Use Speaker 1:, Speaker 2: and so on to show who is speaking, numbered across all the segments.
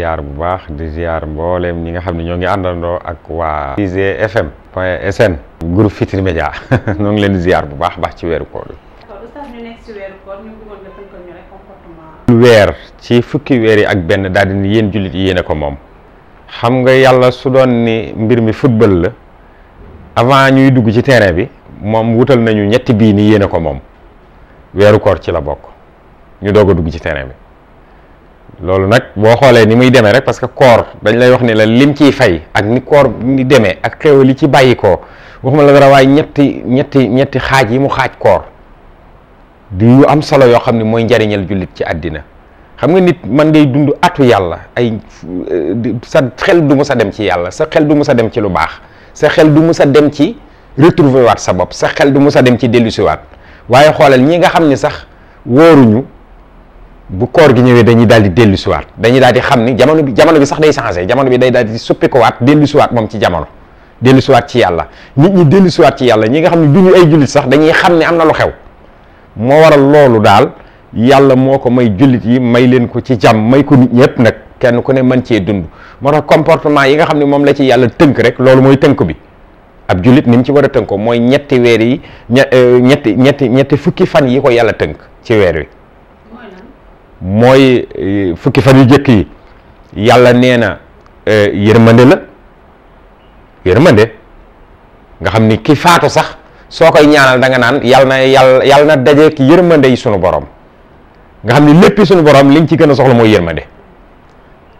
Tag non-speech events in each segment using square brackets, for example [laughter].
Speaker 1: ziar bu baax di ziar ñi nga xam ne ñoo ngi àndandoo ak waa IGFM point sn groupe Futurs Médias [laughs] ñoo ngi leen di ziar bu baax baax ci weeru koor ci fukki weer yi ak benn daal yéen jullit yi yéene ko moom xam nga yàlla su doon ni mbir mi football la avant ñuy dugg ci terrain bi moom wutal nañu ñetti bii ni yéene ko moom weeru koor ci la bokk ñu doog a dugg ci terrain bi loolu nag boo xoolee ni muy demee rek parce que koor dañ lay wax ne la lim ciy fay ak ni koor ni demee ak xéwal li ci bàyyi ko waxuma la dara waaye ñetti ñetti ñetti xaaj yi mu xaaj koor di yu am solo yoo xam ne mooy njariñal jullit ci àddina xam nga nit man ngay dund atu yàlla ay sa xel du musa dem ci yàlla sa xel du musa dem ci lu baax sa xel du musa dem ci retrouver waat sa bopp sa xel du musa dem ci dellusiwaat waaye xoolal ñi nga xam ne sax wóoruñu bu koor gi ñëwee dañuy daal di dellu siwaat dañuy daal di xam ni jamono bi jamono bi sax day changé jamono bi day daal di suppikuwaat dellu siwaat moom ci jamono dellu siwaat ci yàlla nit ñi dellu siwaat ci yàlla ñi nga xam ne du ñu ay jullit sax dañuy xam ne am na lu xew moo waral loolu daal yàlla moo ko may jullit yi may leen ko ci jàmm may ko nit ñëpp nag kenn ku ne mën cee dund moo tax comportement yi nga xam ne moom la ci yàlla tënk rek loolu mooy tënk bi ab jullit ni ci war a tënk mooy ñetti weer yi ñetti euh, ñetti ñetti ñetti fukki fan yi ko yàlla tënk ci weer wi mooy eh, fukki fan yu jëkk yi yàlla nee na eh, yërmande la yërmande nga xam ni ki faatu sax soo koy ñaanal da nga naan yàlla na yàlla yal na dajeek yërmande yi sunu borom nga xam ni léppi sunu borom liñ ci gën a soxla mooy yërmande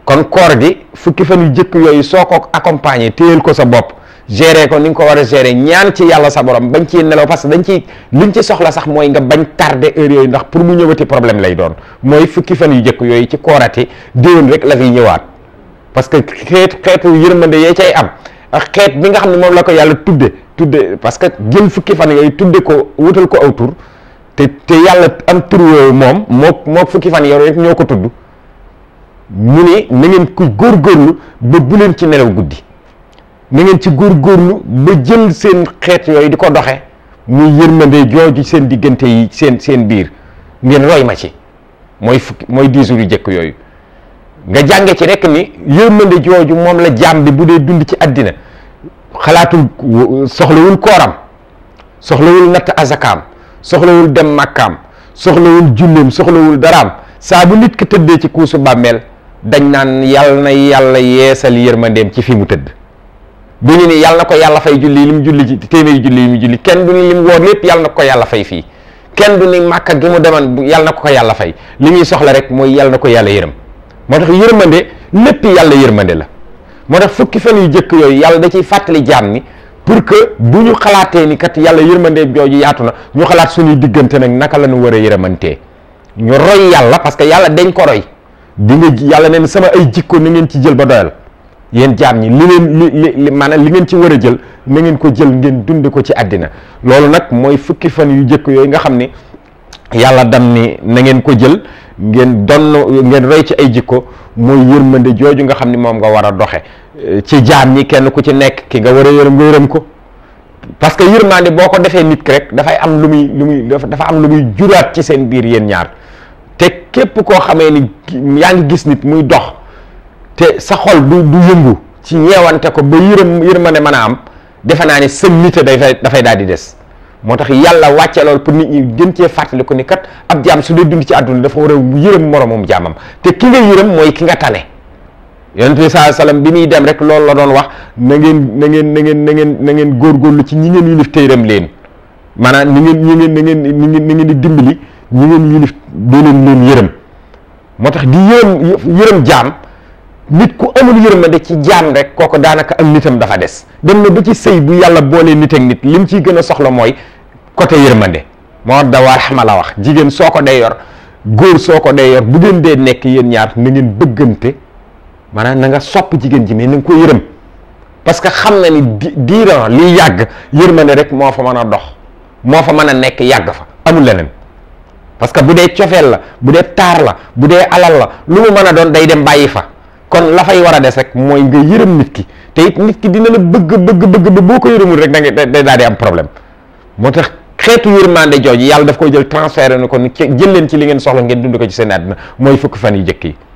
Speaker 1: kon koor gi fukki fan yu jëkk yooyu soo ko accompagner téyel ko sa bopp géré ko ni ko wara géré ñaan ci yalla sa borom bañ ci nelaw parce que dañ ci luñ ci soxla sax moy nga bañ tardé heure yoy ndax pour mu ñëwati problème lay doon moy fukki fan yu jëk yoy ci korati déwén rek la fi ñëwaat parce que xeet yu yërmande ye cay am ak xeet bi nga xamni mom la ko yalla tudde tudde parce que jël fukki fan yoy tudde ko wutal ko autour té te yalla am tour yoy mom mok mok fukki fan yoy rek ñoko ko tudd mu na ngeen ku gorlu ba bu len ci nelaw guddii na ngeen ci góorgóorlu ba jël seen xeet yooyu di ko doxe muy yërmande jooju seen diggante yi seen seen biir ngeen roy ma ci mooy fukki mooy diisu yu jëkk yooyu nga jànge ci rekk ni yërmande jooju moom la jaam bi bu dee dund ci àddina xalaatul soxlawul kooram soxlawul natt azakaam soxlawul dem màkkaam soxlawul julleem soxlawul daraam saa bu nit ki tëddee ci kuusu bàmmeel dañ naan yàlla na yàlla yeesal yërmandeem ci fi mu tëdd bu ñu yàlla ko yàlla fay julli lim julli ci téeméeri julli mu julli kenn du ni lim woor lépp ko yàlla fay fii kenn du ni màkka gi mu demoon yàlla na ko ko yàlla fay li muy soxla rek mooy yàlla na ko yàlla yërëm moo tax yërmande lépp yàlla yërmande la moo tax fukki fan yu jëkk yooyu yàlla da ciy fàttali jaam ni pour que bu ñu xalaatee ni kat yàlla yërmande jooju yaatu na ñu xalaat suñuy diggante nag naka la ñu war a yërëmantee ñu roy yàlla parce que yàlla dañ ko roy di nga yàlla neen sama ay jikko ni ci jël ba doyal yéen jaam ñi li leen li li maanaam li ngeen ci war a jël na ngeen ko jël ngeen dunde ko ci àddina loolu nag mooy fukki fan yu jëkk yooyu nga xam ni yàlla dam ni na ngeen ko jël ngeen donn ngeen roy ci ay jikko mooy yërmande jooju nga xam ni moom nga war a doxe ci jaam ñi kenn ku ci nekk ki nga war a yërëm nga yërëm ko parce que yërmande boo ko defee nit ki rek dafay am lu muy lu muy dafa am lu muy juraat ci seen biir yéen ñaar te képp koo xamee ni yaa gis nit muy dox te sa xol du du yëngu ci ñeewante ko ba yërëm yërmande mën a am defe naa ne sa nite dafay dafay daal di des moo tax yàlla wàcce lool pour nit ñi cee fàttali ni kat ab jaam su dee dund ci àdduna dafa war a yërëm moromam jaamam te ki nga yërëm mooy ki nga tane yonent saa salaam bi muy dem rek loolu la doon wax na ngeen na ngeen na ngeen na ngeen na ngeen góorgóorlu ci ñi ngeen yilif te yërëm leen maanaam ñi ngeen ñi na ngeen ni ngeen ni ngeen di dimbali ñi ngeen yilif doo leen leen yërëm moo tax di yërëm yërëm jaam nit ku amul yërmande ci jaam rek kooku daanaka am nitam dafa des dem na ba ci sëy bu yàlla boolee nit ak nit lim ciy gën a soxla mooy côté yërmande moo a xama la wax jigéen soo ko day yor góor soo ko day yor bu ngeen dee nekk yéen ñaar na ngeen bëggante maanaam na nga sopp jigéen ji mais na nga ko yërëm parce que xam na ni diiran liy yàgg yërmande rek moo fa mën a dox moo fa mën a nekk yàgg fa amul leneen parce que bu dee cofeel la bu dee taar la bu dee alal la lu mën a doon day dem bàyyi fa kon la fay war a des rek mooy nga yërëm nit ki te nit ki dina la bëgg bëgg bëgg ba boo ko yërëmul rek da nga day daal di am problème moo tax xeetu yërmande jooj yàlla daf koy jël transféré na ko ni jël leen ci li ngeen soxla ngeen dund ko ci seen àddina mooy fukki fan yi jëkk yi